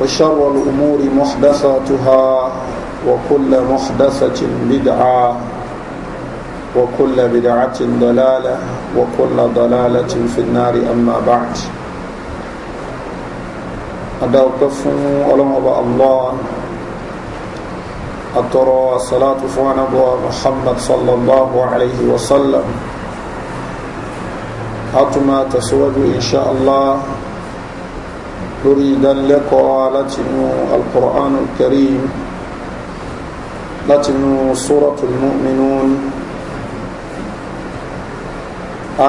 وشر الأمور محدثاتها وكل محدثة بدعة وكل بدعة ضلالة وكل ضلالة في النار أما بعد أدعوكم ألمضى الله أترى صلاة فوانا محمد صلى الله عليه وسلم أتما تسود إن شاء الله lórí ìdánilẹ́kọ̀ọ́ látinú alkùránù karim látinú sóràtul mu'minun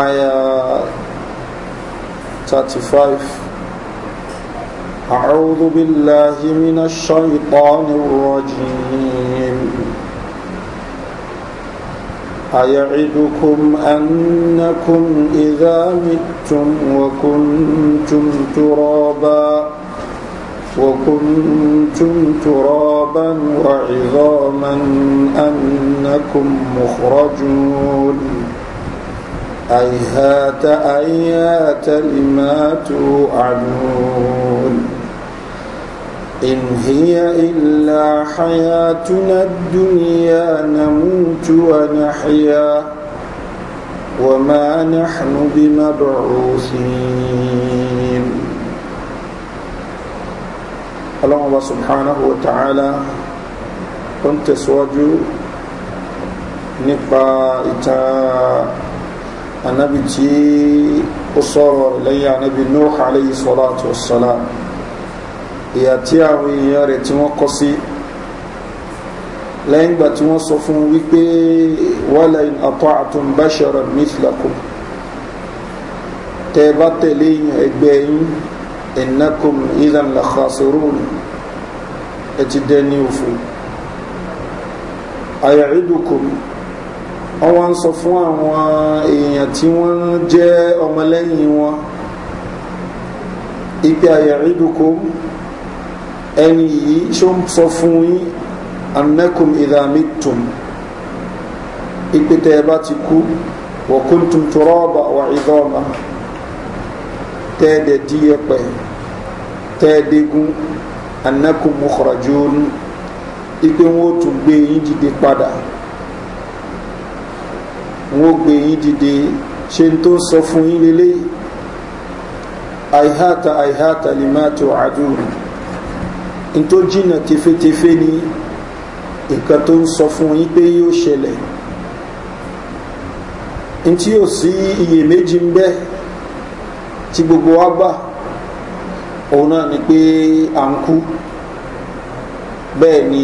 aya 35 أعوذ بالله من الشيطان الرجيم أيعدكم أنكم إذا متم وكنتم ترابا وكنتم ترابا وعظاما أنكم مخرجون أيهات أيات لما توعدون إن هي إلا حياتنا الدنيا نموت ونحيا وما نحن بمبعوثين الله سبحانه وتعالى كنت سواجو nípa إتا النبي tí ó sọ̀rọ̀ lẹ́yìn نوح عليه الصلاة والسلام ìyà tí àwọn èèyàn rẹ̀ tí wọ́n kọ́ sí lẹ́yìn ìgbà tí wọ́n sọ fún wípé wàhálà in àtọ́ àtún báṣọ̀rọ̀ mìtìlákò tẹ́ bá tẹ̀lé èèyàn ẹgbẹ́ yín ìnákùn ìlànà làkàṣọrùn ẹ ti dẹ́ òfò àyàrídùkùn wọ́n ń sọ fún àwọn èèyàn tí wọ́n jẹ́ ọmọlẹ́yìn wọn ipe àyàrídùkùn ẹni yìí ṣó ń sọ fún yín anakum idamitum ìpètè ẹ bá ti kú wa kuntum turaba wa idama tẹ́ẹ̀dẹ̀ díyẹpẹ̀ tẹ́ẹ̀dẹ́gún anakum mukhrajun ipe wọn tún gbé yín dìde padà wọn gbé yín dìde ṣe tó sọ fún yín lélẹ́yìí àìháta àìháta lè má tó àdúrà tó jìnà tefetefe ni nǹkan tó ń sọ fún yín pé yóò ṣẹlẹ̀ n tí yóò sí iyèméjì ń bẹ́ tí gbogbo wa gbà òun náà ni pé à ń kú bẹ́ẹ̀ ni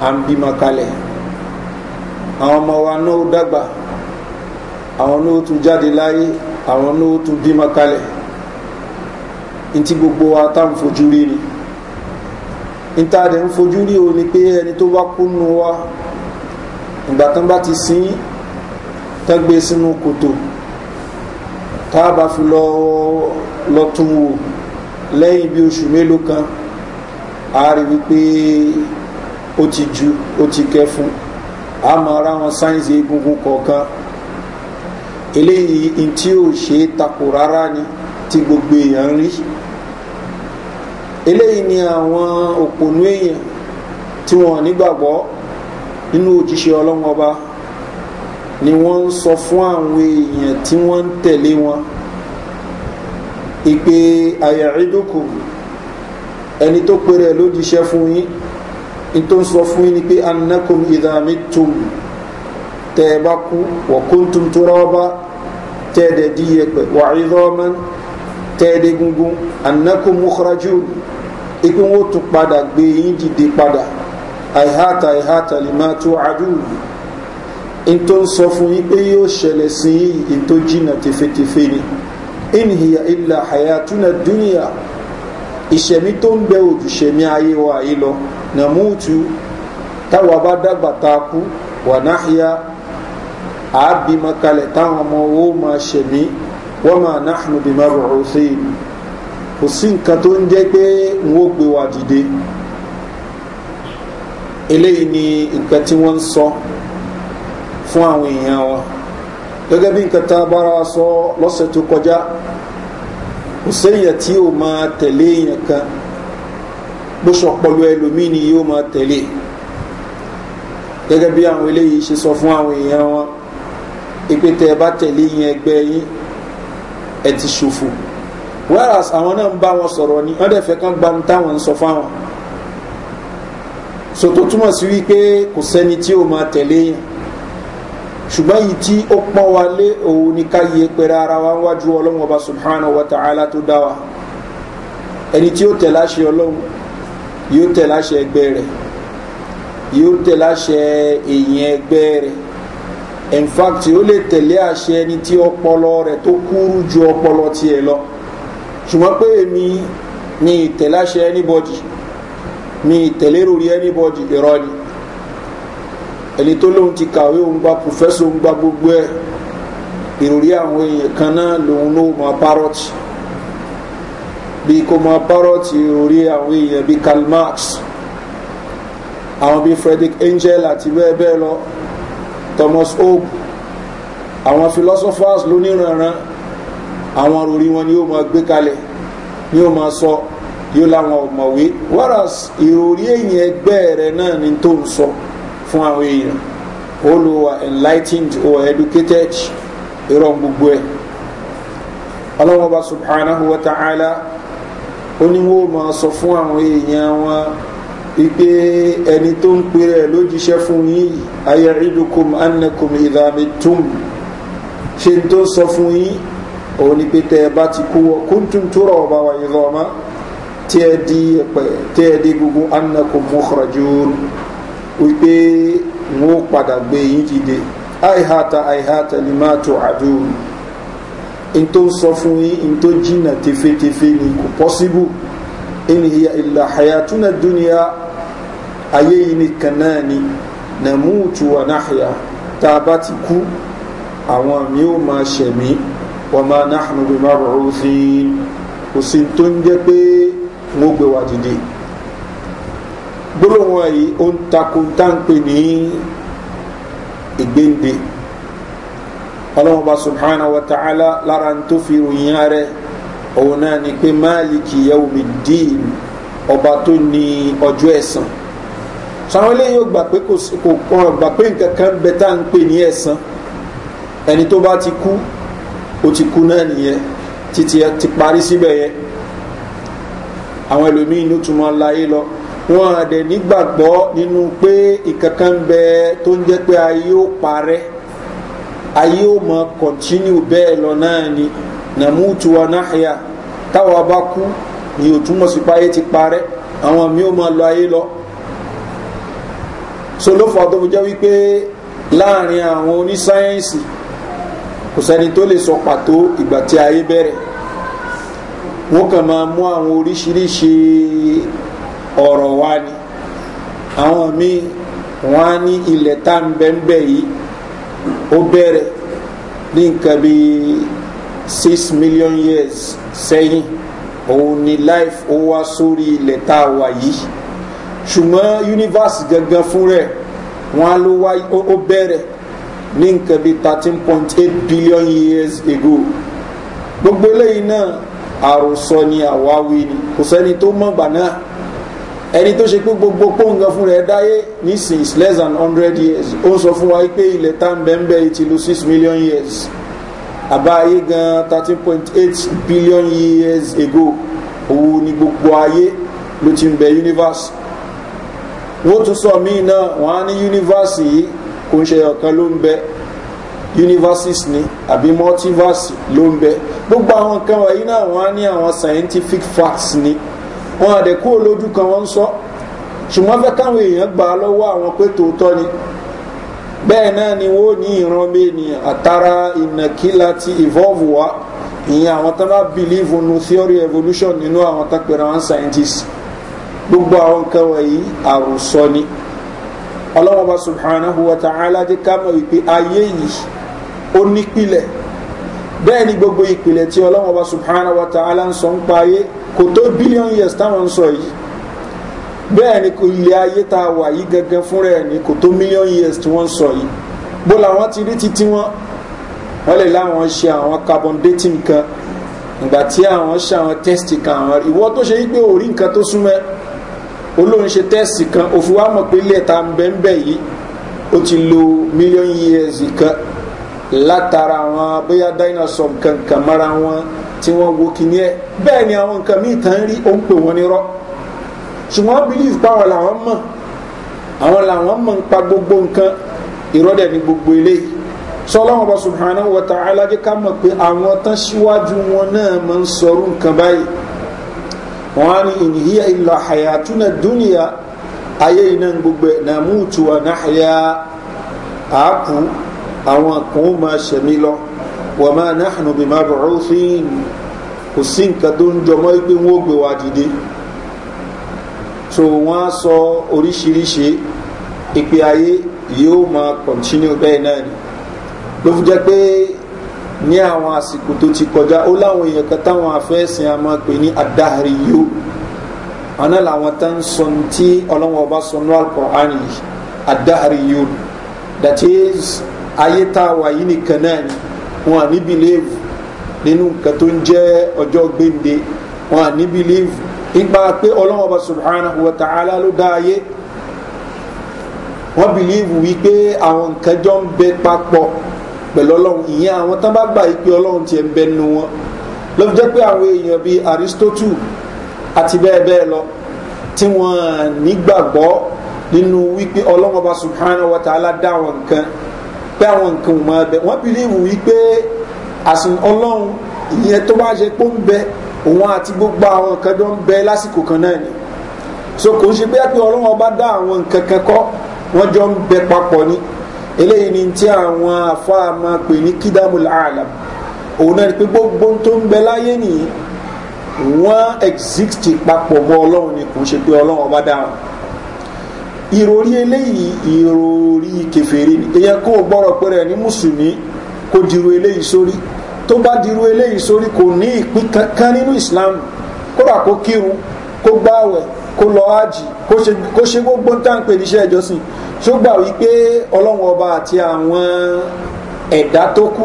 à ń bímọ kalẹ̀ àwọn ọmọ wa náà dàgbà àwọn náà tún jáde láyé àwọn náà tún bímọ kalẹ̀ ntí gbogbo wa tá à ń fojú rí ni níta rẹ̀ ń fojú rí o ni pé ẹni tó wá kúnnú wa ìgbà tán bá ti sin tán gbé sínú kòtò tá a bá fi lọ lọ tún wò lẹ́yìn bí oṣù mélòó kan a rí wípé ó ti ju ó ti kẹ́ fún a máa ra wọn sáyẹ́nsì egungun kọ̀ọ̀kan eléyìí ntí ò ṣe é takò rárá ni tí gbogbo èèyàn ń rí eléyìí ni àwọn òpònú èèyàn tí wọn nígbàgbọ́ nínú òjíṣẹ́ ọlọ́wọ́n ọba ni wọ́n ń sọ fún àwọn èèyàn tí wọ́n ń tẹ̀lé wọn ìpè àyàrídòkò ẹni tó pèrè lójíṣẹ́ fún yín ní tó ń sọ fún yín ni pé anakum ìdààmú tum tẹ́ ẹ bá kú wọ̀kúntum tó rọ́ọ́bá tẹ́ ẹ dẹ̀ díyẹ pẹ̀ wàá ìdọ́ọ́mọ́ tẹ́ ẹ dẹ̀ gungun anakum mukhrajun ipe wọn ó tún padà gbé yín dìde padà àìháta àìháta lè máa tó àdúrà in tó ń sọ fún yín pé yóò ṣẹlẹ̀ sí yín in tó jìnà tefetefe ni in hiya illa hayatuna duniya ìṣẹ̀mí tó ń bẹ òjùṣẹ̀mí ayé wa yìí lọ nàmúùtù táwa bá dàgbà ta kú wà náhìá àábìmọ kalẹ̀ táwọn ọmọ owó máa ṣẹ̀mí wọ́n máa náhùn bímọ rọ̀ọ́sẹ́yìn kò sí nǹkan tó ń jẹ́ pé n ó gbé wa dìde eléyìí ni nǹkan tí wọ́n ń sọ fún àwọn èèyàn wa gẹ́gẹ́ bí nǹkan tá a bára wa sọ lọ́sẹ̀ tó kọjá kò séèyàn tí ó máa tẹ̀lé èèyàn kan bó ṣọpọlọ ẹlòmíì ni yóò máa tẹ̀lé gẹ́gẹ́ bí àwọn eléyìí ṣe sọ fún àwọn èèyàn wọn ìpètè ẹ bá tẹ̀lé yẹn ẹgbẹ́ yín ẹ ti ṣòfò whereas àwọn náà ń bá wọn sọ̀rọ̀ ni wọ́n dẹ̀ fẹ́ kán gbanú táwọn ń sọ fáwọn so tó túmọ̀ sí wípé kò sẹ́ni tí ó máa tẹ̀lé yẹn ṣùgbọ́n yìí tí ó pọ́n wa lé òun ni ká yẹ pẹ̀rẹ̀ ara wa wájú ọlọ́run ọba subhanahu wa ta'ala tó dá wa ẹni tí ó tẹ̀ láṣẹ ọlọ́run yóò tẹ̀ láṣẹ ẹgbẹ́ rẹ̀ yóò tẹ̀ láṣẹ èèyàn ẹgbẹ́ rẹ̀ in fact ó lè tẹ̀lé àṣẹ ẹni tí ọpọlọ rẹ̀ tó kúrú ju ọpọlọ tiẹ̀ lọ ṣùgbọ́n pé èmi mi ìtẹ̀láṣẹ anybody ni ìtẹ̀léròrí anybody ìrọ́ ni ẹni tó lóun ti kàwé òun gba pòfẹ́sọ̀ òun gba gbogbo ẹ̀ ìròrí àwọn èèyàn kan náà lòun ló máa parọ́tì bíi kó máa parọ́tì ìròrí àwọn èèyàn bíi karl marx àwọn bíi frederick angel àti bẹ́ẹ̀ bẹ́ẹ̀ lọ thomas hobbes àwọn philosophers lóníranran àwọn orí wọn ni yóò máa gbé kalẹ̀ ni yóò máa sọ yóò láwọn ọ̀mọ̀wé wàrà ìròrí èyìn ẹgbẹ́ rẹ náà ni tó ń sọ fún àwọn èèyàn ó lo enlightened or educated irọ́ gbogbo ẹ̀ ọlọ́wọ́n bá subhanahu wa ta'ala ó ní wọ́n máa sọ fún àwọn èèyàn wọn wípé ẹni tó ń pè rẹ̀ lójíṣẹ́ fún yín ayẹ̀rídùkùm annakum ìdàmìtùm ṣe tó sọ fún yín òun ni pé tẹ́ ẹ bá ti kú wọ kúntùn tóra ọba wa yìí lọ́mọ tí ẹ di ẹ̀pẹ̀ tí ẹ di gbogbo anakun mọ́kànjú wípé wọn ó padà gbé yín dìde àìhàtà àìhàtà ni máa tó àdúrà in tó ń sọ fún yín in tó jìnà tefetefe ni kò pọ́síbù in hiya ilà hayatuna duniya ayé yìí nìkan náà ni nàmúùtù wà náà yà tá a bá ti kú àwọn mi ò máa ṣẹ̀mí wọ́mà náhùn bí má rọ̀ òfin kò sí tó ń jẹ́ pé wọ́n gbé wa dìde gbólóhùn ẹ̀yí ó ń takun táǹpé ní ìgbéǹde ọlọ́mọba subhanahu wa ta'ala lára ń tó fi ròyìn ààrẹ òun náà ni pé máàlìkì yẹ́wò mi dín ọba tó ní ọjọ́ ẹ̀sán sàwọn eléyìí ò pé kò gbà pé nǹkan kan bẹ tá ní ẹ̀sán ẹni tó bá ti kú ó ti kú náà nìyẹn títí ẹ ti parí síbẹ̀ yẹn àwọn ẹlòmíì ló tún máa láyé lọ wọn àdẹ nígbàgbọ́ nínú pé ìkankan ń bẹ tó ń jẹ́ pé ayé ó parẹ́ ayé ó mọ kọ̀ntínú bẹ́ẹ̀ lọ náà ni nàmútu wa náhìá táwa bá kú ni ò túmọ̀ sí páyé ti parẹ́ àwọn mi ò máa lọ ayé lọ so ló fà tó wípé láàrin àwọn onísáyẹ́ǹsì kò sẹ́ni tó lè sọ pàtó ìgbà tí ayé bẹ̀rẹ̀ wọ́n kàn máa mú àwọn oríṣiríṣi ọ̀rọ̀ wá ni àwọn míì wọ́n á ní ilẹ̀ tá ń bẹ́ ń bẹ̀ yìí ó bẹ̀rẹ̀ ní nǹkan bí six million years sẹ́yìn òun ni life ó wá sórí ilẹ̀ tá a wà yìí ṣùgbọ́n universe gangan fún rẹ̀ wọ́n á ló wá ó bẹ̀rẹ̀ ní nǹkan bíi thirteen point eight billion years ago gbogbo eléyìí náà àròsọ ni àwáwí ni kò sẹ́ni tó mọ̀gbà náà ẹni tó ṣe pé gbogbo pọ́ǹgà fún rẹ̀ dáyé nísìn is less than hundred years ó ń sọ fún wa pé ilẹ̀ tá ń bẹ́ẹ̀ ti lo six million years àbá ayé gan thirteen point eight billion years ago òun ni gbogbo ayé ló ti ń bẹ universe wọ́n tún sọ míì náà wọ́n á ní universe yìí kò ń ṣe ọ̀kan ló ń bẹ universes ni àbí multiverse ló ń bẹ gbogbo àwọn nǹkan wọ̀nyí náà wọ́n á ní àwọn scientific facts ni wọ́n á dẹ̀ kó lójú kan wọ́n ń sọ ṣùgbọ́n fẹ́ káwọn èèyàn gbà á lọ́wọ́ àwọn pé tòótọ́ ni bẹ́ẹ̀ náà ni wọ́n ní ìran méni àtàrà ìnàkílà ti evolve wa ìyẹn àwọn tó bá believe in no theory evolution nínú àwọn tó pèrè àwọn scientists gbogbo àwọn nǹkan wọ̀nyí àròsọ ni ọlọ́wọ́n bá subhanahu wa ta'ala jẹ́ ká mọ̀ wípé ayé yìí ó nípìlẹ̀ bẹ́ẹ̀ ni gbogbo ìpìlẹ̀ tí ọlọ́wọ́n bá subhanahu wa ta'ala ń sọ ń pa ayé kò tó billion years táwọn ń sọ yìí bẹ́ẹ̀ ni kò ilé ayé tá a wà yìí gangan fúnra ẹ̀ ni kò tó million years tí wọ́n sọ yìí bó làwọn ti rí títí wọn wọ́n lè láwọn ṣe àwọn carbon dating kan ìgbà tí àwọn ṣe àwọn test kan àwọn ìwọ́ tó ṣe yí pé orí nǹkan tó súnmọ́ olóhùn ṣe tẹ́ẹ̀sì kan òfin wa mọ̀ pé ilé ẹ̀ta bẹ́ẹ̀ yìí ó ti lo mílíọ̀nù years kan látara àwọn bóyá dinosaur kankan mara wọn tí wọ́n wo kìíní ẹ̀ bẹ́ẹ̀ ni àwọn nǹkan míì tán rí ó ń pè wọ́n ní ṣùgbọ́n believe power làwọn mọ̀ àwọn làwọn mọ̀ ń pa gbogbo nǹkan ìrọ́dẹ̀ ní gbogbo eléyìí sọlọ́wọ́n bá subhanahu wa ta'ala jẹ́ ká mọ̀ pé àwọn tán síwájú wọn náà máa ń sọrú nǹkan báyìí wọn á ní ìníhíyà ìlà àyàtúnà dúnìyà ayé iná gbogbo ẹ̀ náà mútu wà náà àyà àákú àwọn kan ó máa ṣẹ̀mí lọ wà máa náà nù bí má bọ̀rọ̀ fíìn kò sí ń jọmọ́ pé wọ́n ó gbé wa dìde so wọ́n á sọ oríṣiríṣi ìpè ayé yóò máa kọ̀ntínú bẹ́ẹ̀ náà ni ló fi jẹ́ pé ní àwọn àsìkò tó ti kọjá ó láwọn èèyàn kan táwọn afẹ́sìn àmọ́ pé ní adáhàrí àná làwọn tá ń sọ tí ọlọ́wọ́n ọba sọ ní alukur'an yìí that is ayé tá a wà yìí nìkan náà ni wọn à ní bìlíìfù nínú nǹkan tó ń jẹ́ ọjọ́ gbéǹde wọn à ní bìlíìfù nígbà pé ọlọ́wọ́n ọba subhanahu wa ta'ala ló dá ayé wọ́n bìlíìfù wípé àwọn nǹkan jọ ń bẹ papọ̀ pẹ̀lú ọlọ́run ìyẹn àwọn tán bá gbà ipe ọlọ́run ti ẹ̀ ń bẹnu wọn ló fi jẹ́ pé àwọn èèyàn bíi aristotle àti bẹ́ẹ̀ bẹ́ẹ̀ lọ tí wọ́n nígbàgbọ́ nínú wípé ọlọ́run ọba subhanahu wa ta'ala dá àwọn nǹkan pé àwọn nǹkan ò máa bẹ wọ́n bìlíwù wípé àsìn ọlọ́run ìyẹn tó bá ṣe pé ó ń bẹ òun àti gbogbo àwọn nǹkan tó ń bẹ lásìkò kan náà ni so kò ń ṣe pé ọlọ́run ọba dá àwọn nǹkan kan kọ́ wọ́n jọ ń bẹ papọ̀ ni eléyìí ni tí àwọn afáà máa pè ní kídàmùl àlàm òun náà ni pé gbogbo tó ń bẹ láyé nìyí wọ́n exist papọ̀ mọ́ ọlọ́run ni kò ṣe pé ọlọ́run ọba dáhùn ìròrí eléyìí ìròrí kẹfẹ́rí ni èèyàn kó gbọ́rọ̀ pé rẹ̀ ní mùsùlùmí kò dìrò eléyìí sórí tó bá dìrò eléyìí sórí kò ní ìpín kankan nínú islam kódà kó kírun kó gbáwẹ̀ kó lọ ájì kó ṣe gbogbo ń tàn níṣẹ́ ìjọsìn tó gbà wípé ọlọ́run ọba àti àwọn ẹ̀dá tó kù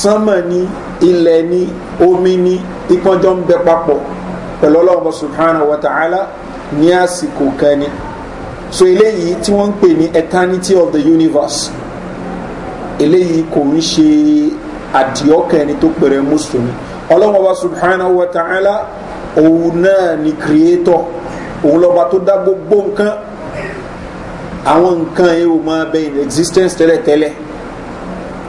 sánmọ̀ ni ilẹ̀ ni omi ni ìpọ́njọ́ ń bẹ papọ̀ pẹ̀lú ọlọ́run subhanahu wa ta'ala ní àsìkò kan ni so eléyìí tí wọ́n ń pè ní eternity of the universe eléyìí kò ń ṣe àdìọ́kàn ẹni tó pèrè mùsùlùmí ọlọ́run ọba subhanahu wa ta'ala òun náà ni creator òun lọ́ba tó dá gbogbo nǹkan àwọn nǹkan yìí ò máa bẹ in existence tẹ́lẹ̀tẹ́lẹ̀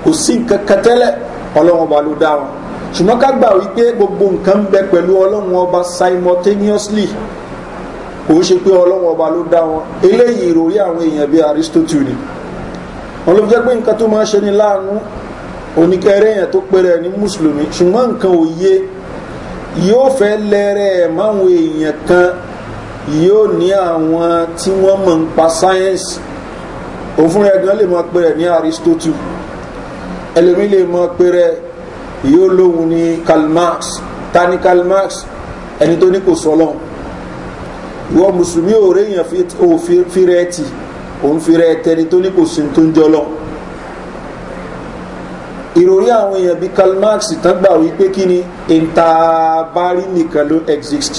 kò sí nǹkan kan tẹ́lẹ̀ ọlọ́run ọba ló dá wọn ṣùgbọ́n ká gbà wípé gbogbo nǹkan bẹ pẹ̀lú ọlọ́run ọba simultaneously kò ṣe pé ọlọ́run ọba ló dá wọn eléyìí ìròyìn àwọn èèyàn bíi aristotle ni wọn ló fi jẹ́ pé nǹkan tó máa ṣe ni láàánú oníkẹrẹ èèyàn tó péré ní mùsùlùmí ṣùgbọ́n nǹkan òye yóò fẹ́ lẹ́rẹ̀ẹ́ máwọn èèyàn kan yóò ní àwọn tí wọ́n mọ̀ ń pa sáyẹ́nsì òfin rẹ̀ gan lè mọ pé rẹ̀ ní aristotle ẹlòmí lè mọ pé rẹ̀ yóò lóhun ní karl marx ta ni karl marx ẹni tó ní kò sọlọ wọ́n mùsùlùmí ò réyàn fi rẹ̀ tì òun fi rẹ̀ tẹni tó ní kò sí tó ń jọlọ ìròyìn àwọn èèyàn bíi karl marx tán gbà wípé kí ni ìta bá rí nìkan ló exist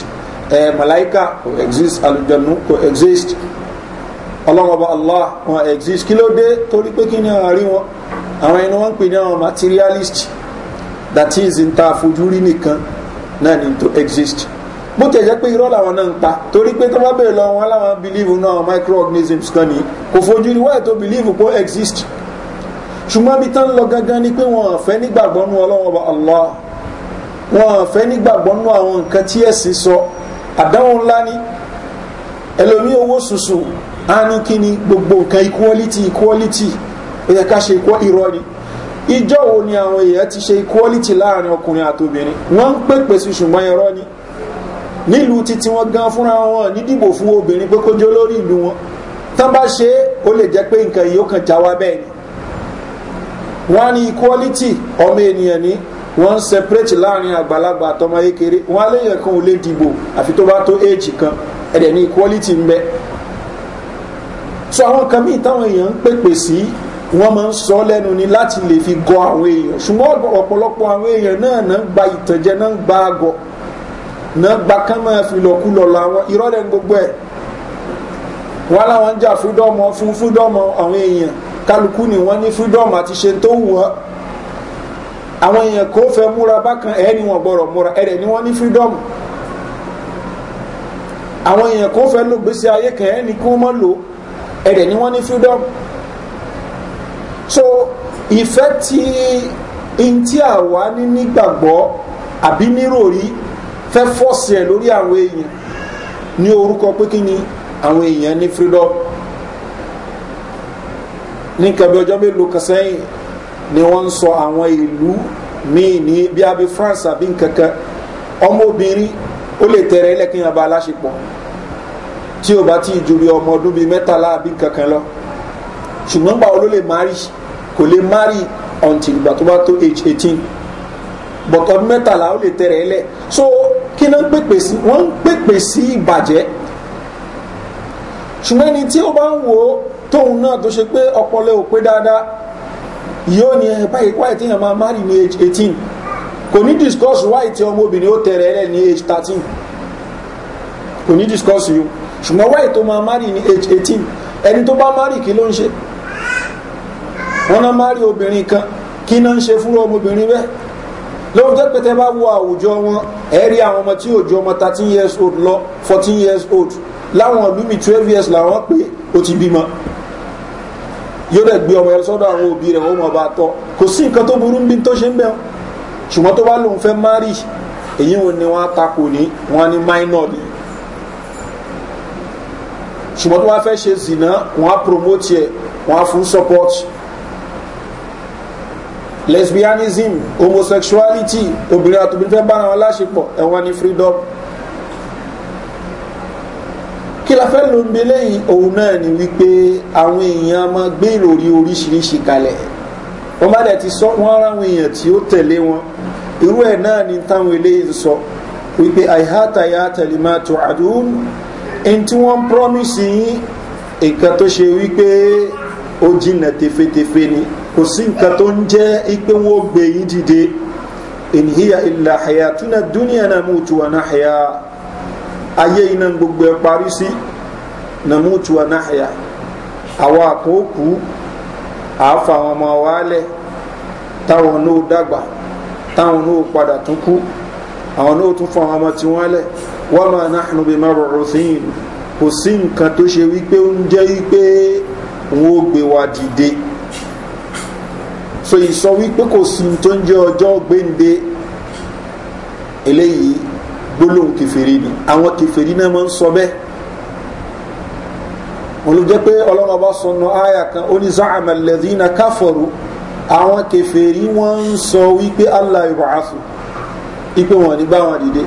ẹ eh, malaika kò exist alujanu kò exist ọlọ́mọba allah wọn exist kí ló dé torí pé kí ni àwọn àrí wọn wọn ń pè ní àwọn materialist that is n ta àfojúrí nìkan náà ni to exist bó tẹ̀ jẹ́ pé irọ́ làwọn náà ń pa torí pé tó bá bẹ̀rẹ̀ lọ wọn láwọn believe náà microorganisms kan ni kò fojú rí wáyé tó believe pé exist ṣùgbọ́n bí tán lọ gangan ni pé wọn fẹ́ nígbàgbọ́ nu allah wọn fẹ́ nígbàgbọ́ nu àwọn nǹkan tí ẹ̀sìn sọ so àdánwò ńlá ni ẹlòmí owó sùsù á ní kí ni gbogbo nǹkan equality equality ó yẹ ká ṣe irọ́ ni ìjọ wo ni àwọn èèyàn ti ṣe equality láàrin ọkùnrin àtobìnrin wọ́n ń pèpè sí ṣùgbọ́n irọ́ ni nílùú títí wọn gan fúnra wọn nídìbò fún obìnrin pé kójó lórí ìlú wọn tán bá ṣe é ó lè jẹ́ pé nǹkan yìí ó kàn já wa bẹ́ẹ̀ ni wọ́n á equality ọmọ ènìyàn ní wọ́n separate láàrin àgbàlagbà àtọmọ kékeré wọ́n á léyìn kan ò lè dìbò àfi tó bá tó éèjì kan ẹ̀dẹ̀ ní equality ń bẹ so àwọn nǹkan míì táwọn èèyàn ń pèpè sí wọ́n máa ń sọ lẹ́nu ni láti lè fi gọ àwọn èèyàn ṣùgbọ́n ọ̀pọ̀lọpọ̀ àwọn èèyàn náà náà gba ìtànjẹ náà gba àgọ̀ náà gba kán máa fi lọ́kúlọ̀ làwọn irọ́ lẹ́nu gbogbo ẹ̀ wọ́n láwọn ń jà fúdọ́mọ fún fúdọ́mọ àwọn èèyàn kálukú ni wọ́n ní fúdọ́mọ àti ṣe tó wù wọ́n àwọn èèyàn kò fẹ́ múra bákan ẹ̀ ni wọ́n gbọ́rọ̀ múra ẹ̀ dẹ̀ ni wọ́n ní fírídọ́mù àwọn èèyàn kò fẹ́ ló gbèsè ayé kan ẹ̀ ni kí wọ́n mọ́ lò ẹ̀ ni wọ́n ní fírídọ́mù so ìfẹ́ ti n tí àwa ní nígbàgbọ́ àbí níròrí fẹ́ fọ́ọ̀sì ẹ̀ lórí àwọn èèyàn ní orúkọ pé kí ni àwọn èèyàn ní fírídọ́mù ní kàbí ọjọ́ mélòó kan sẹ́yìn ni wọ́n ń sọ àwọn ìlú míì ní bí abí france àbí nkankan ọmọbìnrin ó lè tẹ̀rẹ̀ ẹlẹ́kìn ọba aláṣepọ̀ tí ò bá tí ì ju bí ọmọ ọdún bíi mẹ́tàlá àbí nkankan lọ ṣùgbọ́n gbà ló lè mari kò lè mari until ìgbà tó bá tó age eighteen but ọdún ó lè tẹ̀rẹ̀ ẹlẹ́ so kí náà ń pèpè sí wọ́n ń pèpè sí ìbàjẹ́ ṣùgbọ́n ẹni tí ó bá ń wò tóun náà tó ṣe pé ọpọlọ ò pé dáadáa yóò ní ẹ̀pá ìpá ẹ̀ tí yàn máa marry ní age eighteen kò ní discuss why tí ọmọ obìnrin ó tẹ̀rẹ̀ rẹ̀ ní age thirteen kò ní discuss yìí ṣùgbọ́n why tó máa marry ní age eighteen ẹni tó bá marry kí ló ń ṣe wọn náà marry obìnrin kan kí náà ń ṣe fúnra ọmọbìnrin bẹ́ẹ̀ lóun jẹ́ pẹ́tẹ́ bá wo àwùjọ wọn ẹ̀rí àwọn ọmọ tí òjò ọmọ thirteen years old lọ fourteen years old láwọn ọdún bíi twelve years làwọn pé ó ti bímọ yóò dẹ̀ gbé ọmọ yẹn sọ́dọ̀ àwọn òbí rẹ̀ wọ́n mọ̀ bá tọ́ kò sí nǹkan tó burú bí tó ṣe ń bẹ̀ ṣùgbọ́n tó bá lòun fẹ́ mari èyí wọn ni wọ́n á takò ní wọ́n á ní minor ni ṣùgbọ́n tó bá fẹ́ ṣe zìnà wọ́n á promote ẹ̀ wọ́n á fún support lesbianism homosexuality obìnrin àtòbí fẹ́ bára wọn láṣepọ̀ ẹ̀wọ̀n ni freedom kí la fẹ́ ló ń belé yìí òun náà ni wípé àwọn èèyàn máa gbé ìròrí oríṣiríṣi kalẹ̀ wọ́n bá dẹ̀ ti sọ wọ́n ara àwọn èèyàn tí ó tẹ̀lé wọn irú ẹ̀ náà ni táwọn eléyìí sọ wípé àìháta ya tẹ̀lé máa tó àdúrún ẹni tí wọ́n promise yín nǹkan tó ṣe wípé ó jìnà tefetefe ni kò sí nǹkan tó ń jẹ́ pé wọ́n gbé yín dìde ènìyàn ìlà àyàtúnà dúníà náà mú tu náà àyà ayé iná gbogbo ẹ parí sí namutu anahya àwọn àkókù àáfà àwọn ọmọ wàálẹ̀ táwọn náà dàgbà táwọn náà padà tún kú àwọn náà tún àwọn ọmọ tí wọ́n lẹ̀ wọ́n máa nahnu bimabu'uthin kò sí nǹkan tó ṣe wípé ó ń jẹ́ wípé wọn gbé wa dìde so ìsọ wípé kò sí tó ń jẹ́ ọjọ́ gbéǹde eléyìí gbólóhùn kẹfẹ́rí ni àwọn kẹfẹ́rí náà máa ń sọ bẹ́ẹ̀ wọn ló jẹ́ pé ọlọ́run ọba sọnù àyà kan ó ní záàmà lẹ́dínà káfọ̀rù àwọn kẹfẹ́rí wọ́n ń sọ wípé allah ibrahim ipe wọn ní báwọn dìde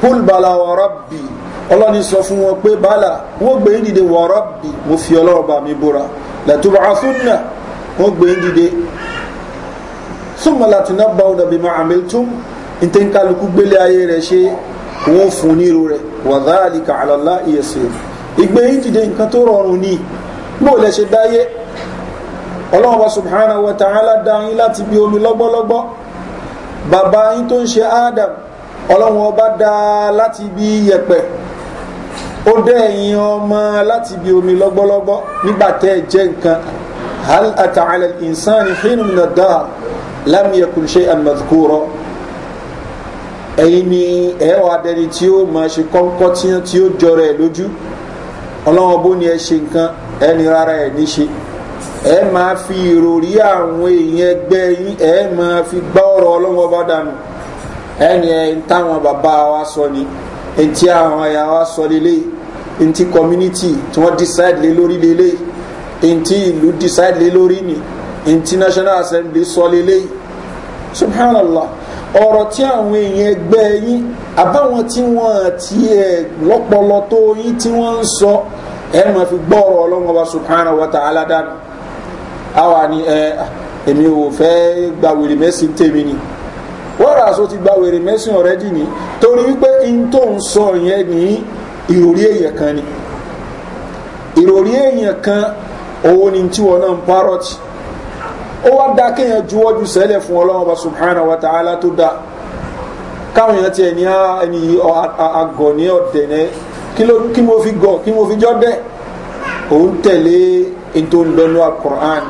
kúl bala wọ́rọ́ bì ọlọ́ni sọ fún wọn pé bala wọ́n gbé dìde wọ́rọ́ bì mo fi ọlọ́run bá mi búra lẹ́tùbọ̀ àfúnà wọ́n gbé dìde súnmọ́ láti náà bí mo àmì tún ntẹ́ ń kálukú gbélé ayé rẹ̀ ṣe wọ́n fún nírú rẹ̀ wàdáàlì kàlọ́lá ìyẹ̀sẹ̀ ìgbé yín dìde nǹkan tó rọrùn ní bó lẹ ṣe dáyé ọlọ́run bá subhanahu wa ta'ala dá yín láti bí omi lọ́gbọ́lọ́gbọ́ bàbá yín tó ń ṣe adam ọlọ́run ọba dá láti bí yẹ̀pẹ̀ ó dẹ́ ẹ̀yin ọmọ láti bí omi lọ́gbọ́lọ́gbọ́ nígbà tẹ́ ẹ jẹ́ nǹkan hal ata'ala al-insani hinun nadar lam yakun ẹ̀yin ni ẹ wà dẹni tí ó máa ṣe kọ́ńkọ́ tí ó jọrọ ẹ̀ lójú ọlọ́wọ́n bó ni ẹ ṣe nǹkan ẹni rárá ẹ̀ níṣe ẹ máa fi ìròrí àwọn èèyàn ẹgbẹ́ yín ẹ máa fi gbá ọ̀rọ̀ ọlọ́wọ́n bá dànù ẹni ẹni táwọn bàbá wa sọ ni ẹni tí àwọn ẹ̀yà wa sọ lélẹ̀ ẹni tí community tí wọ́n decide lé lórí lélẹ̀ ẹni tí ìlú decide lé lórí ni ẹni tí national assembly sọ lélẹ̀ subhanallah ọ̀rọ̀ tí àwọn èèyàn ẹgbẹ́ yín àbáwọn tí wọ́n ti ẹ̀ lọ́pọlọ tó yín tí wọ́n ń sọ ẹ̀ máa fi gbọ́ ọ̀rọ̀ ọlọ́run ọba subhanahu wa ta'ala dànù àwa ni ẹ èmi ò fẹ́ gba wèrè mẹ́sìn tèmi ni wọ́n rà so ti gba wèrè mẹ́sìn ọ̀rẹ́dì ni torí wípé in tó ń sọ yẹn ní ìròrí èèyàn kan ni ìròrí èèyàn kan òun ni tí wọn náà ń parọ́tì ó wá dá kéèyàn juwọ́jú sẹ́lẹ̀ fún ọlọ́run ọba subhanahu wa ta'ala tó dá káwọn èèyàn tiẹ̀ ní ah, ẹni àgọ̀ ní ọ̀dẹ̀ ní kí mo fi gọ̀ kí mo fi jọ́ dẹ̀ òun tẹ̀lé ètò alukur'an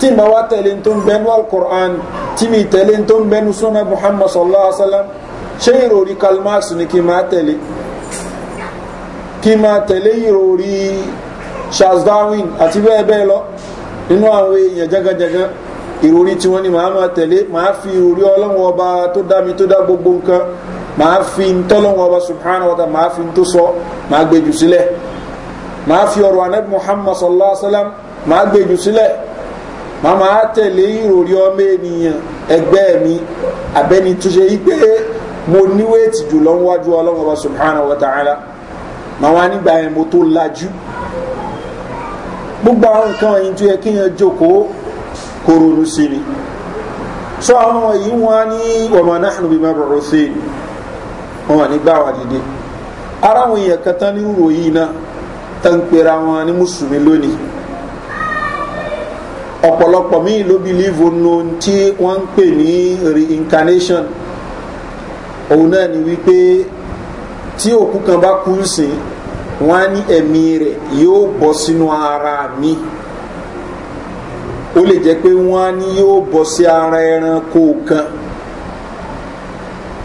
tí ma wá tẹ̀lé ètò alukur'an tí mi tẹ̀lé ètò sunna muhammad sallallahu alaihi wa sallam ṣé ìròrí karl marx ni kí máa tẹ̀lé kí máa tẹ̀lé ìròrí charles darwin àti bẹ́ẹ̀ bẹ́ẹ̀ lọ nínú àwọn èèyàn jẹ́gẹ́jẹ́gẹ́ ìròrí tí wọ́n ní màá máa tẹ̀lé màá fi ìròrí ọlọ́run ọba tó dá mi tó dá gbogbo nǹkan màá fi tọ́lọ́run ọba subhanahu wa ta màá fi tó sọ màá gbé jù sílẹ̀ màá fi ọ̀rọ̀ anabi muhammad sallallahu alayhi wa sallam màá gbé jù sílẹ̀ màá máa tẹ̀lé ìròrí ọmọ ènìyàn ẹgbẹ́ mi abẹ́ni tó ṣe pé mo níwèétì jùlọ níwájú ọlọ́run ọba subhanahu wa ta'ala màá wá nígbà yẹn mo tó lajú kó ronú sí ni so àwọn wọ̀nyí wọn ní wọ̀mọ̀ náà níbi má bọ̀rọ̀ sí ni wọn wà ní gbáwà dìde ara wọn yẹ kẹta ní ròyìn náà tán pera wọn ní mùsùlùmí lónìí ọ̀pọ̀lọpọ̀ míì ló bìlíìfù nu tí wọ́n ń pè ní reincarnation òun náà ni wípé tí òkú kan bá kú sí wọn á ní ẹ̀mí rẹ̀ yóò bọ́ sínú ara mi ó lè jẹ́ pé wọ́n ní yóò bọ́ sí ara ẹranko kan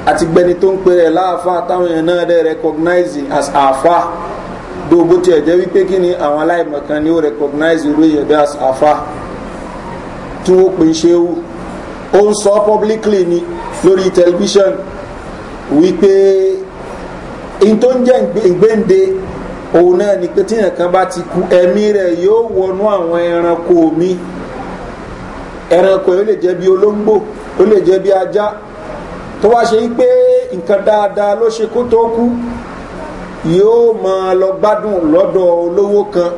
àti gbẹni tó ń pè rẹ̀ láàfáà táwọn èèyàn náà dẹ̀ recognize as àfáà bí o bó tiẹ̀ jẹ́ wípé kí ni àwọn aláìmọ̀ ni ó recognize irú èèyàn bí as àfáà tí wọ́n pè ń ṣe wù ó ń sọ publicly ni lórí tẹlifíṣàn wípé in tó ń jẹ́ ìgbéǹde òun náà ni pé tíyàn kan bá ti ku ẹ̀mí rẹ̀ yóò wọnú àwọn ẹranko mi ẹranko yẹn ó lè jẹ́ bí olóńgbò ó lè jẹ́ bí ajá tó wá ṣe pé nǹkan dáadáa ló ṣe kó tó kú yóò máa lọ gbádùn lọ́dọ̀ olówó kan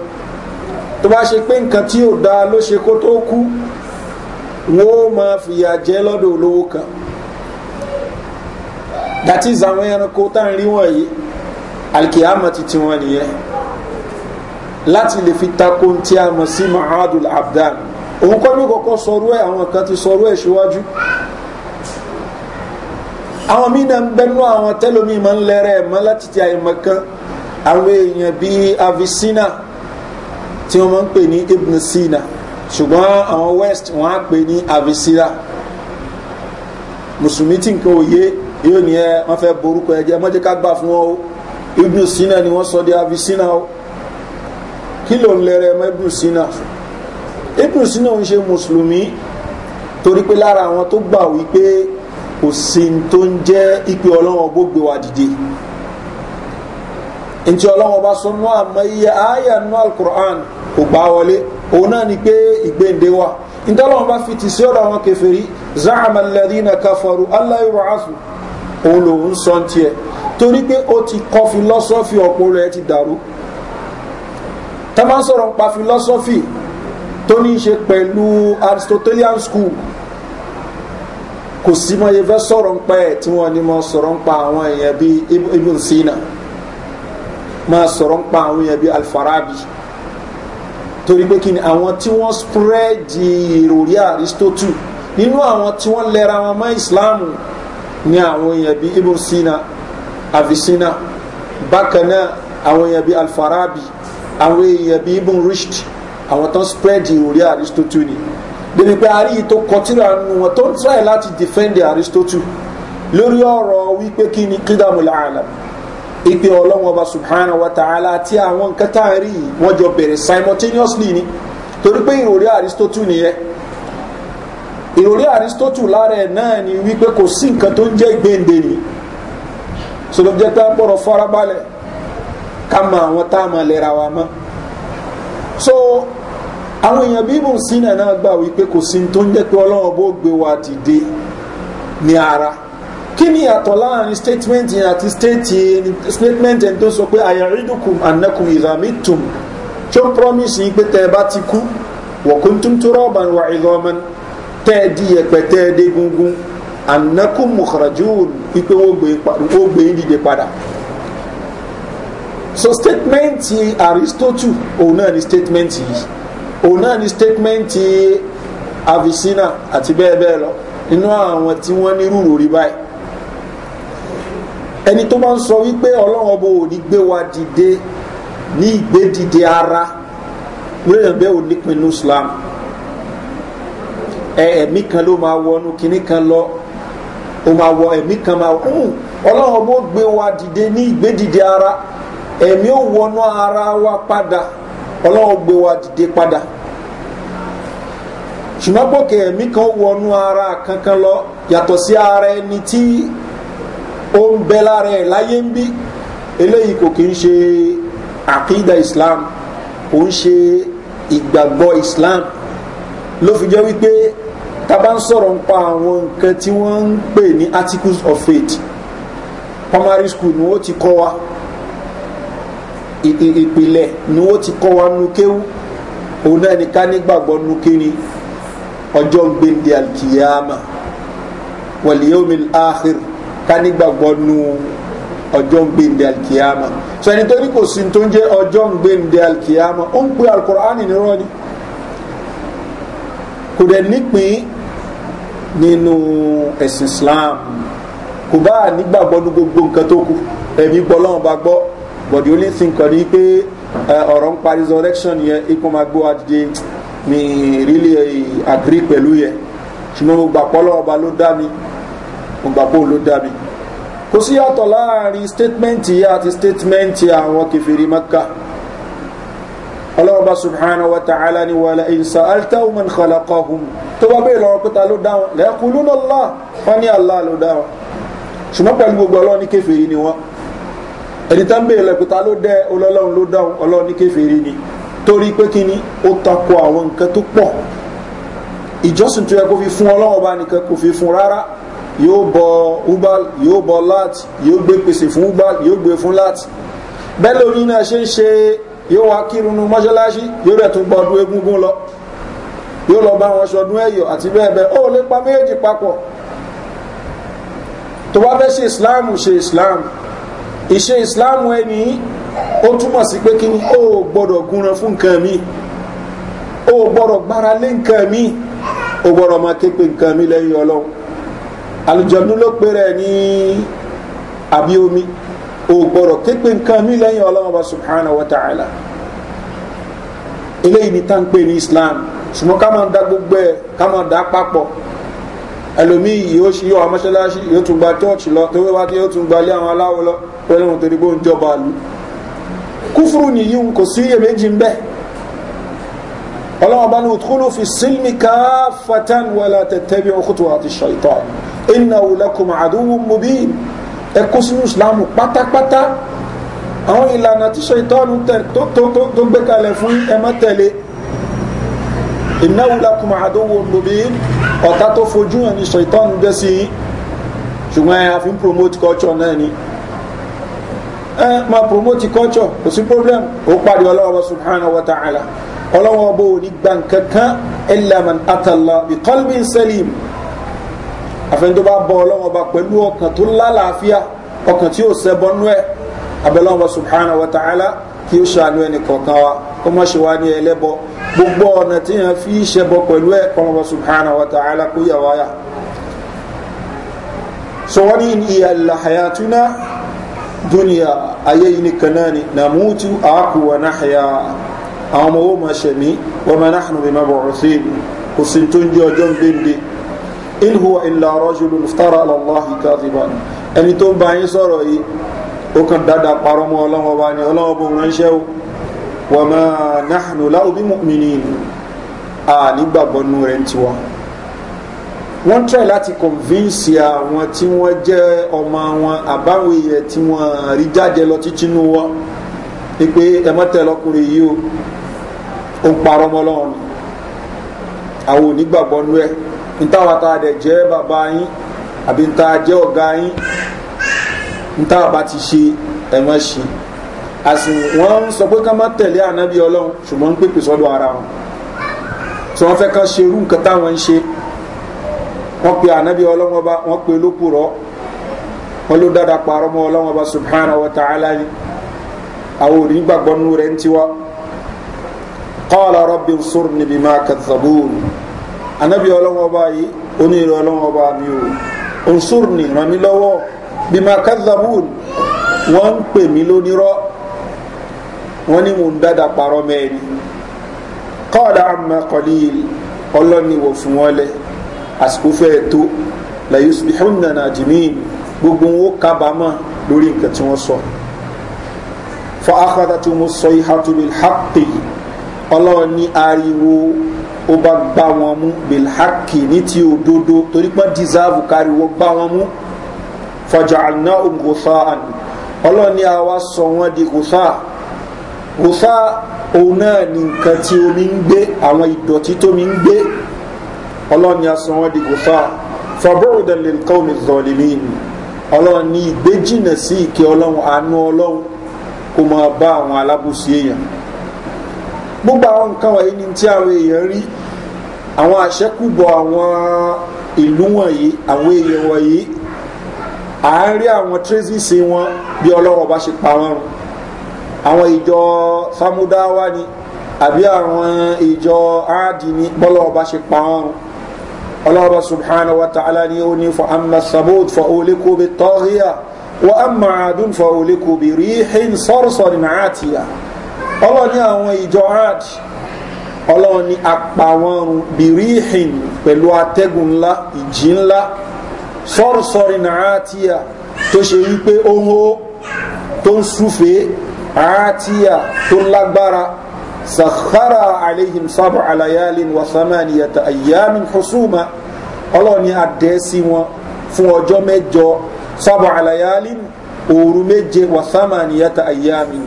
tó bá ṣe pé nǹkan tí ò dáa ló ṣe kó tó kú wọ́n ó máa fìyà jẹ lọ́dọ̀ olówó kan that is ẹranko tá à ń rí wọ̀nyí alikiyama ti tiwọn nìyẹn láti lè fi takò tí a mọ̀ sí mahadul abdan òun kọ́ ní kọ́kọ́ sọrú ẹ̀ àwọn kan ti sọrú ẹ̀ síwájú àwọn míì náà ń bẹnu àwọn tẹlomi máa ń lẹ́rẹ̀ ẹ̀ mọ́ láti ti àyè àwọn èèyàn bíi avicina tí wọ́n máa ń pè ní ibn sina ṣùgbọ́n àwọn west wọ́n á pè ní avicina mùsùlùmí tí nǹkan òye yóò ní ẹ wọ́n fẹ́ borúkọ ẹ jẹ́ mọ́jẹ́ ká gbà fún wọn o ibn sina ni wọ́n sọ di avicina o kí ló ń lẹ́rẹ̀ mọ́ ibn sina ṣùgbọ́n ibùn sina òun ṣe mùsùlùmí torí pé lára àwọn tó gbà wípé kò sí tó ń jẹ́ ìpè ọlọ́wọ́n bó gbé wa dìde ntí ọlọ́wọ́n bá sọ nú àmọ́ iye ààyè nú alukur'an kò gbá wọlé òun náà ni pé ìgbéǹde wa ntọ́lọ́wọ́n bá fi tì sí ọ̀dọ̀ àwọn kẹfẹ́rí zaama lẹ́dínà káfọ́rù aláyọ̀rọ̀ àfù òun lòun sọ tiẹ̀ torí pé ó ti kọ́ filọ́sọ́fì ọ̀pọ̀ rẹ̀ ti dàrú tá máa ń sọ̀rọ̀ pa filọ́sọ́fì tó ní í ṣe pẹ̀lú aristotelian school kò sí mọ iye fẹ́ sọ̀rọ̀ ń pẹ́ tí wọ́n ní mọ sọ̀rọ̀ ń pa àwọn èèyàn bíi ibn sina máa sọ̀rọ̀ ń pa àwọn èèyàn bíi alfarabi torí pé kí ni àwọn tí wọ́n spread ìròrí aristotle nínú àwọn tí wọ́n lẹ́ra wọn mọ́ islam ní àwọn èèyàn bíi ibn sina avicina bákan náà àwọn èèyàn bíi alfarabi àwọn èèyàn bíi ibn rushd àwọn tán spread ìròrí aristotle ni débi pé a rí i tó kọtíra nu wọn tó ń try láti defend aristotle lórí ọ̀rọ̀ wípé kí ni kídàmùlà àlà ìpè ọlọ́wọ́n ọba subhana wa ta'ala àti àwọn nǹkan tá a rí i wọ́n jọ bẹ̀rẹ̀ simultaneously ni torí pé ìròrí aristotle nìyẹn ìròrí aristotle lára ẹ̀ náà ni wípé kò sí nǹkan tó ń jẹ́ gbèǹde ni sọlọ jẹ́ pé àpọ̀rọ̀ farabalẹ̀ ká mọ àwọn tá a mọ lẹ́ra wa mọ́ so àwọn èèyàn bíbù sínà náà gbà wípé kò sí tó ń jẹ́ pé ọlọ́run bó gbé wa dìde ní ara kí ni ìyàtọ̀ láàrin statement yẹn àti statement yẹn tó sọ pé àyàrídùkùn ànẹ́kùn ìràmìtùn tó ń promise yín pé tẹ́ ẹ bá ti kú wọ̀kúntún tó rọ́ọ̀bàn wà ìlọ́mọ́n tẹ́ ẹ di ẹ̀pẹ̀ tẹ́ ẹ dé gungun ànẹ́kùn mùkàràjùn wípé wọ́n gbé yín dìde padà so statement yìí aristotle òun náà ni statement yìí òun náà ni statement Avicenna àti bẹ́ẹ̀ bẹ́ẹ̀ lọ nínú àwọn tí wọ́n ní rúrò rí báyìí ẹni tó bá ń sọ wípé ọlọ́run ọba ò ní gbé wa dìde ní ìgbé dìde ara lóyún bẹ́ẹ̀ ò nípinnu Islam ẹ̀ẹ̀mí kan ló máa wọnú kinní kan lọ ó máa wọ ẹ̀mí kan máa wọ ọlọ́run ọba ó gbé wa dìde ní ìgbé dìde ara ẹ̀mí ó wọnú ara wa padà ọlọ́run gbé wa dìde padà ṣùgbọ́n gbòkè ẹ̀mí kan wọnú ara kankan lọ yàtọ̀ sí ara ẹni tí ó ń bẹ lára ẹ̀ láyé ń bí eléyìí kò kí ń ṣe àkídà islam kò ń ṣe ìgbàgbọ́ islam ló fi jẹ́ wípé ta bá ń sọ̀rọ̀ ń pa àwọn nǹkan tí wọ́n ń pè ní articles of faith primary school ni ó ti kọ́ wa ìpìlẹ̀ ni wọ́n ti kọ́ wa nu kéwú òun náà ni ká nígbàgbọ́ nu kíni ọjọ́ ń gbé ní alkiyama wàlíyómi àhìr ká nígbàgbọ́ nu ọjọ́ ń gbé ní alkiyama sọ ẹni torí kò sí tó ń jẹ́ ọjọ́ ń gbé ní alkiyama ó ń pe alukur'ani nírọ́ ni kò dẹ̀ nípìn nínú ẹ̀sìn islam kò bá nígbàgbọ́ nu gbogbo nǹkan tó kù ẹ̀mí gbọ́ lọ́wọ́n bá gbọ́ but the only thing kan ni pé eh, ọ̀rọ̀ ń pa resurrection yẹn ikú máa gbó wa mi really eh, agree pẹ̀lú yẹn ṣùgbọ́n mo gbà pọ́lọ́ ọba ló dá mi mo gbà pọ́ ló dá mi kò sí yàtọ̀ láàrin statement yìí àti statement àwọn kẹfìrí maka ọlọ́ọ̀bá subhana wa ta'ala ni wàlá ìsà altauman khalaqahum tó bá bẹ́ẹ̀ lọ́wọ́ pẹ́ta ló dáwọn lẹ́kùn lúnà allah wọn ni allah ló dáwọn ṣùgbọ́n pẹ̀lú gbogbo ọlọ́ọ̀ ní kẹfìrí ni wọn ẹni tán bèèrè lẹ́pẹ̀ta ló dẹ́ ọlọ́lọ́run ló dáhùn ọlọ́run ní kéferì ni torí pé kí ni ó takò àwọn nǹkan tó pọ̀ ìjọsìn tó yẹ kó fi fún ọlọ́run ọba nìkan kò fi fún rárá yóò bọ ubal yóò bọ lat yóò gbé pèsè fún ubal yóò gbé fún lat bẹ́ẹ̀ lórí náà ṣe ń ṣe yóò wá kírun mọ́ṣáláṣí yóò rẹ̀ tún gbọ́ ọdún egúngún lọ yóò lọ bá wọn ṣọdún ẹ̀yọ̀ àti bẹ́ẹ̀ bẹ́ẹ̀ ó lè pa méjèèjì papọ̀ tó bá fẹ́ ṣe islam ṣe islam ìṣe ìsìláàmù ẹni ó túmọ̀ sí pé kí ni ó gbọ́dọ̀ gúnran fún nǹkan mi ó gbọ́dọ̀ gbára lé nǹkan mi ó gbọ́dọ̀ máa ké pe nǹkan mi lẹ́yìn ọlọ́run àlùjọ̀nú ló pe rẹ̀ ní àbí omi ó gbọ́dọ̀ ké nǹkan mi lẹ́yìn ọlọ́run ọba subhanahu wa ta'ala eléyìí ni tá ní islam ṣùgbọ́n ká máa da gbogbo ẹ̀ ká máa da papọ̀ ẹlòmíì yóò ṣe yóò amọ́ṣáláṣí yóò tún gba chọ́ọ̀chì lọ tó wíwá tí yóò tún gba ilé àwọn aláwọ̀ lọ wọ́n lẹ́wọ̀n torí bó ń jọba lu kúfúrú nìyí kò sí èméjì ń bẹ́ ọlọ́wọ́n bá ní òtúkúlù fi sílmi káfàtán wà látẹ̀tẹ̀ bí àti ṣàìtọ́ iná wùlẹ́kùnmọ̀ àdúgbò mubí ẹkú sínú ìsìlámù pátápátá àwọn ìlànà tí ṣàìtọ́ tó gbé kalẹ̀ fún ẹmọ́ tẹ̀lé iná wùlẹ́kùnmọ̀ àdúgbò mubí ọ̀tá tó fojú hàn ṣàìtọ́ ń bẹ́ sí ń promote culture náà ni ẹ eh, máa promote culture kò sí problem ó pàdé ọlọ́wọ́ subhanahu wa ta'ala ọlọ́wọ́ bó o ní gbàǹkan kan illa man atalla bi qalbin salim àfẹn tó bá bọ ọlọ́wọ́ bá pẹ̀lú ọkàn tó lálàáfíà ọkàn tí ó sẹ́bọnú ẹ̀ abẹ́lọ́wọ́ subhanahu wa ta'ala kí ó ṣàánú ẹnì kọ̀ọ̀kan wa ó má ṣe wá ní ẹlẹ́bọ gbogbo ọ̀nà tí yẹn fi ṣẹbọ pẹ̀lú ẹ̀ kọ́lọ́wọ́ subhanahu wa ta'ala kó yà wáyà. sọ wọ́n ní ìyàlá hayatuna dúnìyà ayé yìí nìkan náà ni nàmútu àákù wà náhìá àwọn ọmọ owó máa ṣẹ̀mí wọ́n máa náhùn bí máa bọ̀ ọ̀sìn kò sí tó ń jẹ́ ọjọ́ ń gbéǹde in huwa illa rajulun iftara ala allahi kadhiban ẹni tó ń bá yín sọ̀rọ̀ yìí ó kàn dáadáa parọ́ mọ́ ọlọ́wọ́ bá ní ọlọ́wọ́ bó ránṣẹ́ o wà máa náhùn láwùbí mùmìnì à nígbàgbọ́nú rẹ̀ ń tiwa wọ́n try láti convince àwọn tí wọ́n jẹ́ ọmọ wọn àbáwọn èèyàn tí wọ́n rí jáde lọ títí nú wọn ni pé ẹ mọ́tẹ́ lọkùnrin yìí o ó ń parọ́ mọ́ lọ́wọ́ mi àwọn onígbàgbọ́ nú ẹ ntáwọn àtàdẹ̀ jẹ́ bàbá yín àbí ntá jẹ́ ọ̀gá yín ntá bá ti ṣe ẹ̀wọ̀n ṣe àsìn wọ́n ń sọ pé ká má tẹ̀lé ànábì ọlọ́run ṣùgbọ́n ń pèpè sọ́dọ̀ ara wọn tí wọ́n fẹ́ ká ṣe nǹkan táwọn ń ṣe wọ́n pe ànábì ọlọ́wọ́n bá wọ́n pe lókùrọ́ wọ́n ló dáadáa parọ́ mọ́ ọlọ́wọ́n bá subhanahu wa ta'ala ni àwọn òní gbàgbọ́ nù rẹ̀ ń tiwa qala rabbi nsurni bima kadhabun ànábì ọlọ́wọ́n bá yìí onírè ọlọ́wọ́n mi o nsurni ràn mí lọ́wọ́ bima kadhabun wọ́n ń pè mí lónírọ́ wọ́n ní mò ń dáadáa parọ́ mẹ́rin qala amma qalil ọlọ́ni wò fún wọn lẹ́yìn àsìkò fẹ́ tó la yusbihunna nadimin gbogbo wọn ó kábàámọ̀ lórí nǹkan tí wọ́n sọ fa akhadhatuhumu sayhatu bil haqqi ọlọ́run ní ariwo ó bá gbá wọn mú bil haqqi ní ti òdodo torí pé dìsáàbù káriwo gbá wọn mú faja'alnahum ghutha'an ọlọ́run ní àwa sọ wọn di ghutha'an ghutha'an òun náà ní nǹkan tí omi ń gbé àwọn ìdọ̀tí tó ń gbé ọlọ́run ni a sọ wọ́n di gùfà fọ́bọ́rọ̀dẹ̀ lè kọ́ mi zọ̀lìmí ọlọ́run ní ìgbé jìnà sí ìkẹ́ ọlọ́run àánú ọlọ́run kó máa bá àwọn alábùsí èèyàn gbogbo àwọn nǹkan wọ̀nyí ni tí àwọn èèyàn rí àwọn àṣẹ́kùbọ̀ àwọn ìlú wọ̀nyí àwọn èèyàn wọ̀nyí à ń rí àwọn traces wọn bí ọlọ́run bá ṣe pa wọn run àwọn ìjọ samudawa ni àbí àwọn ìjọ áàdì ni bọ́lọ́run bá ṣe pa wọn run ọlọ́ọ̀bá subhanahu wa ta'ala ni ó ní fọ́ amma samud fọ́ olékó bi tọ́ríyà wa amma adun fọ́ olékó bi rihin sọ́rọ̀sọ̀rìn àtìyà ọlọ́ọ̀ ní àwọn ìjọ ad ọlọ́ọ̀ ní apàwọn bi rihin pẹ̀lú atẹ́gùn ńlá ìjì ńlá sọ́rọ̀sọ̀rìn àtìyà tó ṣe wípé ohun tó ń súfèé àtìyà tó lágbára sàkárà àlehìm sábà àlàyálin wà sàmániyàtà àyàmì hosùmá ọlọ́ọ̀ni àdẹ́sí wọn fún ọjọ́ mẹ́jọ sábà àlàyálin òru méje wà sàmániyàtà àyàmì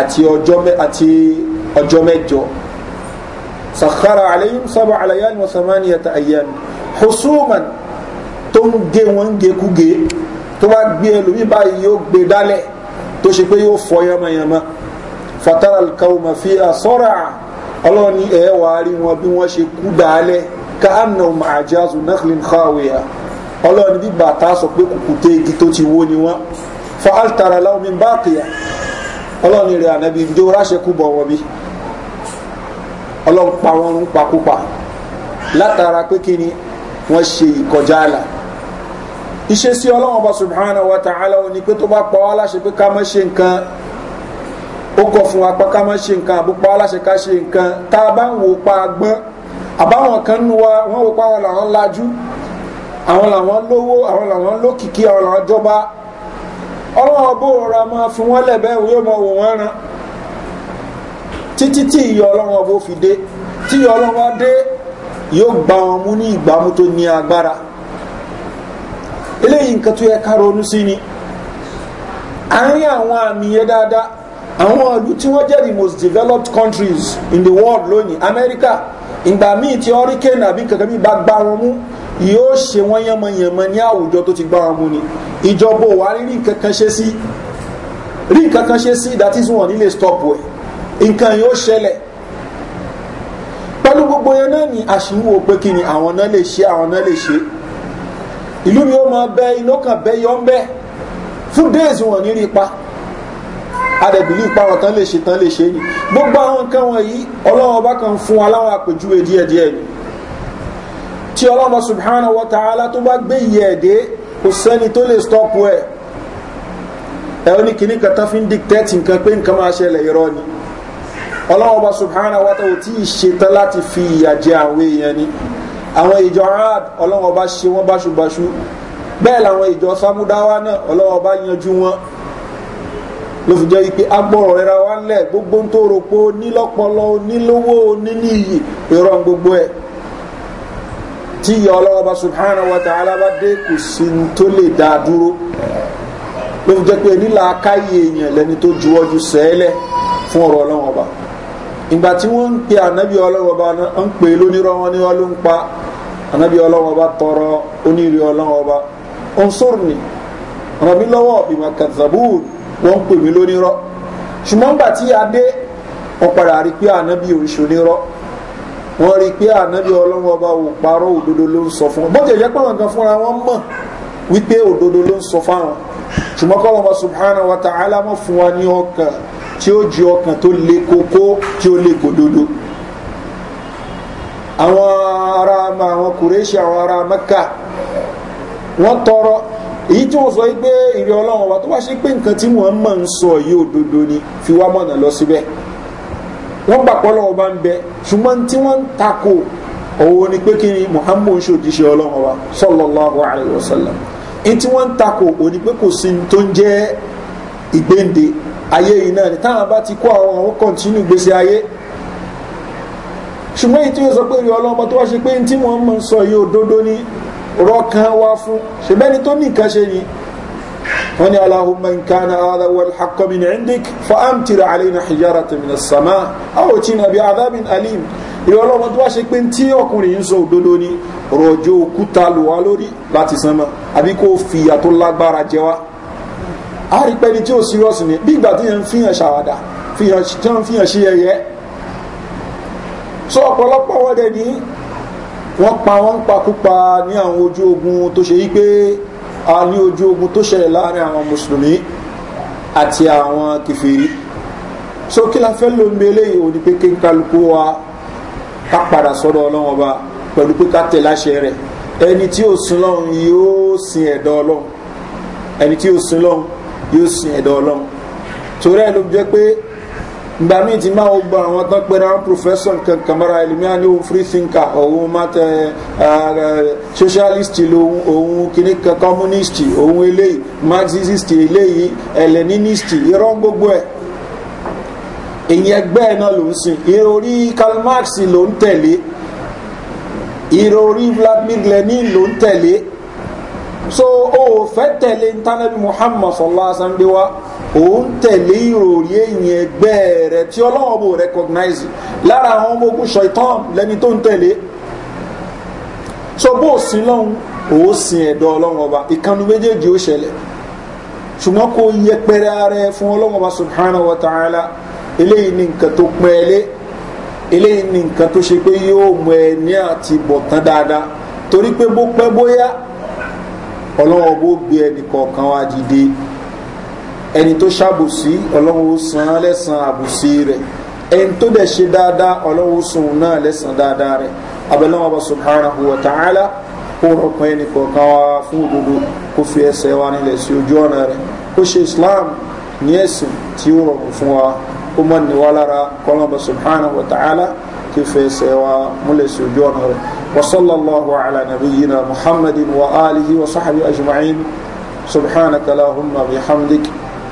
àti ọjọ́ mẹ́jọ sàkárà àlehìm sábà àlàyálin wà sàmániyàtà àyàmì hosùmá tó ń gé wọn ń gé kúgé tó bá gbé ẹlòmíì yóò gbé dálẹ̀ tó ṣe pé yóò fọ yamayama. Yama fatara kawma fi asọ́ra ọlọ́run ní ẹ̀ wà á rí wọn bí wọ́n ṣe kú dàálẹ̀ ká àna ọmọ àjàzù nakhlin khawiya ọlọ́run ní bíbà tá a sọ pé kùkùté igi tó ti wó ni wọ́n fa altara lahum min baqiya ọlọ́run rẹ̀ ànábi jó ráṣẹ́kú bọ̀ wọ́n bí ọlọ́run pa wọn ń pakópa látara pé kí ni wọ́n ṣe ìkọjá àlà iṣẹ́ sí ọlọ́run ọba subhanahu wa ta'ala ni pé tó bá pa wá láṣẹ pé ká má ṣe nǹkan ó kọ̀ fún wa pé ká má ṣe nǹkan àbúpá aláṣẹ ká ṣe nǹkan tá a bá ń wò pa gbọ́n àbáwọn kan nu wa wọ́n wò pa àwọn làwọn lajú àwọn làwọn lówó àwọn làwọn lókìkí àwọn làwọn jọba ọlọ́wọ́ bó rọra máa fi wọ́n lẹ̀bẹ́ yóò máa wò wọ́n ran títí tí ìyọ ọlọ́wọ́ bó fi dé tí ìyọ ọlọ́wọ́ dé yóò gba wọn mú ní ìgbàmú tó ní agbára eléyìí nǹkan tó yẹ ká ronú sí ni àárín àwọn àmì yẹn dáadáa àwọn ìlú tí wọ́n jẹ́ the most developed countries in the world lónìí Amẹ́ríkà ìgbà míì tí hurricane àbí kankan míì bá gbá wọn mú yóò ṣe wọ́n yánmọ̀yánmọ̀ ní àwùjọ tó ti gbá wọn mú ni ìjọba ò wá rí nǹkan kan ṣe sí rí nǹkan ṣe sí that is wọn nílé stop ẹ̀ nǹkan yóò ṣẹlẹ̀ pẹ̀lú gbogbo yẹn náà ni àṣìwò pé kí ni àwọn náà lè ṣe àwọn náà lè ṣe ìlú mi ó máa bẹ iná kan bẹ yọ ń bẹ fún days wọn ní rí pa adẹ̀bìlì ìpáwọn tán lè ṣe tán lè ṣe ni gbogbo àwọn nǹkan wọ̀nyí ọlọ́wọ́n bá kan fún aláwọ̀ àpèjúwe díẹ̀díẹ̀ ni tí ọlọ́wọ́ subhanahu wa ta'ala tó bá gbé ìyẹ̀ ẹ̀dẹ́ kò sẹ́ni tó lè stọ́pù ẹ̀ ẹ̀ ó ní kìíní kan tán fi ń dictate nǹkan pé nǹkan máa ṣẹlẹ̀ irọ́ ni ọlọ́wọ́ bá subhanahu wa ta'ala tí ì ṣe tán láti fi ìyà jẹ àwọn èèyàn ni àwọn ìjọ rad ọlọ́wọ́ bá ṣe wọ́n báṣubàṣu bẹ́ẹ̀ làwọn ìjọ samudawa náà ọlọ́wọ́ bá yanjú wọn ló fi jẹ́ pé agbọ́rọ̀ rẹ̀ ra wá lẹ̀ gbogbo tó rò pé onílọ́pọlọ onílówó oníníyì ìrọ̀ gbogbo ẹ̀ tí ìyá ọlọ́wọ́ bá subhanahu wa ta'ala bá dé kò sí tó lè dá dúró ló fi jẹ́ pé nílà akáyè èèyàn lẹni tó juwọ́jú sẹ́ẹ̀lẹ̀ fún ọ̀rọ̀ ọlọ́wọ́ bá ìgbà tí wọ́n ń pe ànábì ọlọ́wọ́ bá ń pè lónírọ́ ní ọlọ́ ń pa ànábì ọlọ́wọ́ bá tọrọ onírìí ọlọ́wọ́ bá ọ̀nsọ́rùnì ọ̀nàbí lọ́wọ́ ìmọ̀kàtàbùrù wọ́n ń pè mí lónírọ́ ṣùgbọ́n gbà tí a dé wọ́n padà rí pé ànábì oríṣi onírọ́ wọ́n rí pé ànábì ọlọ́run ọba ò parọ́ òdodo ló ń sọ fún wọn bó ti jẹ́ pé wọn kan fúnra wọn mọ̀ wípé òdodo ló ń sọ fáwọn ṣùgbọ́n kọ́ lọ́mọ subhanahu wa ta'ala mọ̀ fún wa ní ọkàn tí ó ju ọkàn tó le koko tí ó le kòdodo àwọn ará àwọn kùrẹ́ṣì àwọn ará mẹ́kà wọ́n tọrọ èyí tí wọ́n sọ pé ìrẹ́ ọlọ́run ọba tó bá ṣe pé nǹkan tí wọ́n mọ̀ ń sọ yìí òdodo ni fi wá mọ̀nà lọ síbẹ̀ wọ́n gbà pọ́ lọ́wọ́ bá ń bẹ ṣùgbọ́n tí wọ́n ń takò òun ni pé kí ni muhammad ń ṣòjíṣẹ́ ọlọ́run ọba sọlọ́láhu alayhi wa sallam ní tí wọ́n ń takò òun ni pé kò sí ní tó ń jẹ́ ìgbéǹde ayé yìí náà ni táwọn bá ti kó àwọn àwọn kọ̀ǹtínú gbèsè ayé ṣùgbọ́n èyí tí wọ́n sọ pé ìrẹ́ ọlọ́run ọba tó wá ṣe pé ní tí wọ́n mọ̀ ń sọ yìí òdodo ni nǹkan wá fún ṣùgbẹ́ni tó ní nǹkan ṣe ni wọ́n ní aláhùnmá nǹkan náà adáwọ̀ alḥakọ́mi ní indik fa amtira aleyna hijara tẹ̀mínà sàmá àwọn tí nàbí adábìn alim ìwọ ọlọ́mọ tó wá ṣe pé tí ọkùnrin ń sọ òdodo ni rọ̀jò òkúta lò wá lórí láti sánmọ́ àbí kó fìyà tó lágbára jẹ wá a rí pẹ́ni tí ó sírọ́sì ni bí ìgbà tí yẹn ń fihàn ṣàwádà tí wọ́n fihàn ṣe ẹyẹ so ọ̀pọ̀lọpọ̀ wọ́n dẹ̀ ní wọ́n pa wọ́n ń pakúpa ní àwọn ojú ogun tó ṣe wípé a ní ojú ogun tó ṣẹlẹ̀ láàrin àwọn mùsùlùmí àti àwọn kìfìrí so kí la fẹ́ ló ń belé yìí ò ní pé kí n kálukú wa ká padà sọ́dọ̀ ọlọ́wọ́n ba pẹ̀lú pé ká tẹ̀ láṣẹ rẹ̀ ẹni tí ó sin lọ́run yóò sin ẹ̀dọ́ ọlọ́run ẹni tí ó sin lọ́run yóò sin ẹ̀dọ́ ọlọ́run torí ẹ̀ ló jẹ́ pé ìgbà míì ti máa gbọ́ àwọn tán pé náà professor kan kàmárà ẹlòmíà ní òun free thinker òun mata socialist lòun òun kìíní kan communist òun eléyìí marxist eléyìí hellenist irọ́ gbogbo ẹ̀ èyí ẹgbẹ́ ẹ̀ náà ló ń sìn ìròrí karl marx ló ń tẹ̀lé ìròrí vladimir lenin ló ń tẹ̀lé so o ò fẹ́ tẹ̀lé ntánẹ́bí muhammad sallallahu alaihi òun tẹ̀lé ìròrí èyìn ẹgbẹ́ rẹ̀ tí ọlọ́wọ́ bò recognize lára àwọn ọmọ ogun ṣọ̀tàn lẹni tó ń tẹ̀lé so bó sin lọ́hun òun sin ẹ̀dọ́ ọlọ́wọ́ ọba ìkanu méjèèjì ó ṣẹlẹ̀ ṣùgbọ́n kó yẹpẹrẹ ara ẹ fún ọlọ́wọ́ ọba subhanahu wa ta'ala eléyìí ni nǹkan tó pẹ́ẹ́lé eléyìí ni nǹkan tó ṣe pé yóò mọ ẹ ní àti bọ̀tán dáadáa torí pé bó pẹ́ bóyá ọlọ́wọ́ bó gbé ẹnì kọ̀ọ̀kan wá dìde ẹni tó ṣàbòsí ọlọ́run ó san án lẹ́sàn àbòsí rẹ̀ ẹni tó dẹ̀ ṣe dáadáa ọlọ́run ó sun náà lẹ́sàn dáadáa rẹ̀ abẹ́lẹ́wọ̀n bá subhanahu wa ta'ala kó rọpọ̀ ẹni kọ̀ọ̀kan wá fún òdodo kó fi ẹsẹ̀ wa nílẹ̀ sí ojú ọ̀nà rẹ̀ kó ṣe islam ní ẹ̀sìn tí ó rọrùn fún wa kó mọ̀ ní wa lára kọ́lọ́mọ̀ subhanahu wa ta'ala kí fi ẹsẹ̀ wa múlẹ̀ sí ojú ọ̀nà rẹ̀ wa sallallahu muhammadin wa alihi wa sahbihi ajma'in subhanaka lahumma bihamdik